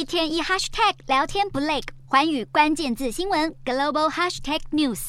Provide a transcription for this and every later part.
一天一 hashtag 聊天不累，寰宇關鍵字新聞 global hashtag news。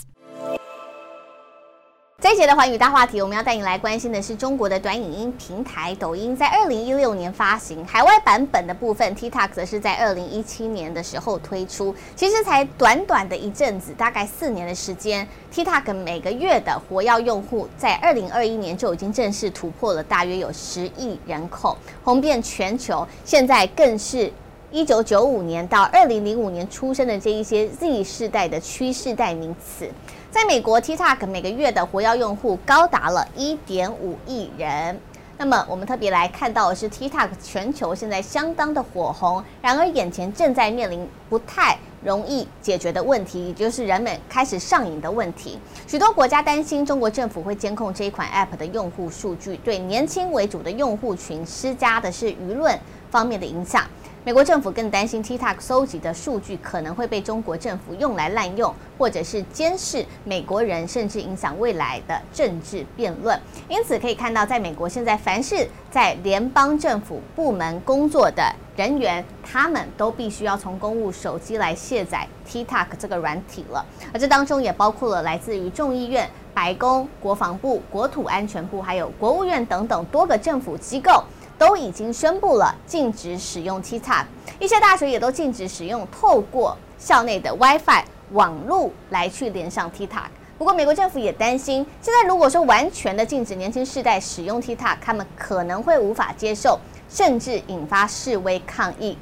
這一節的寰宇大話題，我們要帶你來關心的是中國的短影音平台抖音，在二零一六年發行海外版本的部分，TikTok 則是在二零一七年的時候推出。其實才短短的一陣子，大概四年的時間，TikTok 每個月的活躍用戶在二零二一年就已經正式突破了大約有十億人口，紅遍全球，現在更是。一九九五年到二零零五年出生的這一些 Z 世代的趨勢代名詞，在美國 TikTok 每個月的活躍用戶高達了一點五億人。那麼，我們特別來看到的是 TikTok 全球現在相當的火紅，然而眼前正在面臨不太容易解決的問題，也就是人們開始上癮的問題。許多國家擔心中國政府會監控這一款 App 的用戶數據，對年輕為主的用戶群施加的是輿論。方面的影響，美國政府更擔心 TikTok 蒐集的數據可能會被中國政府用來濫用，或者是監視美國人，甚至影響未來的政治辯論。因此，可以看到，在美國現在，凡是在聯邦政府部門工作的人員，他們都必須要從公務手機來卸載 TikTok 這個軟體了。而這當中也包括了來自於眾議院、白宮、國防部、國土安全部，還有國務院等等多個政府機構。都已經宣布了禁止使用 TikTok，一些大學也都禁止使用透過校內的 WiFi 網路來去連上 TikTok。不過，美國政府也擔心，現在如果說完全的禁止年輕世代使用 TikTok，他們可能會無法接受，甚至引發示威抗議。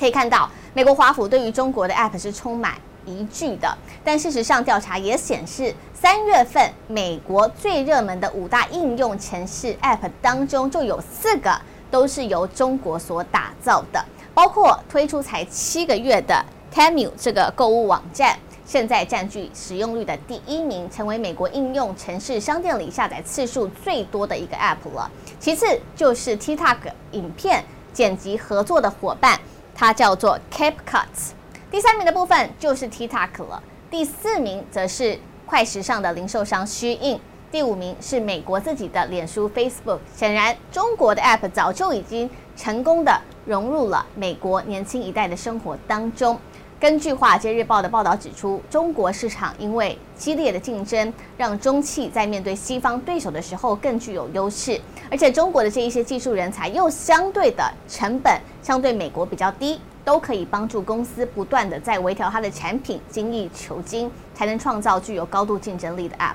可以看到，美國華府對於中國的 App 是充滿一句的，但事實上調查也顯示，三月份美國最熱門的五大應用程式 App 當中，就有四個都是由中國所打造的，包括推出才七個月的 Temu 這個購物網站，現在占據使用率的第一名，成為美國應用程式商店裡下載次數最多的一個 App 了。其次就是 TikTok 影片剪輯合作的伙伴，它叫做 CapCut。第三名的部分就是 TikTok 了，第四名則是快時尚的零售商 Shein，第五名是美國自己的臉書 Facebook。顯然，中國的 App 早就已經成功地融入了美國年輕一代的生活當中。根據《華爾街日報》的報道指出，中國市場因為激烈的競爭，讓中企在面對西方對手的時候更具有優勢。而且，中國的這一些技術人才又相對的成本相對美國比較低，都可以幫助公司不斷的在微調它的產品，精益求精，才能創造具有高度競爭力的 App。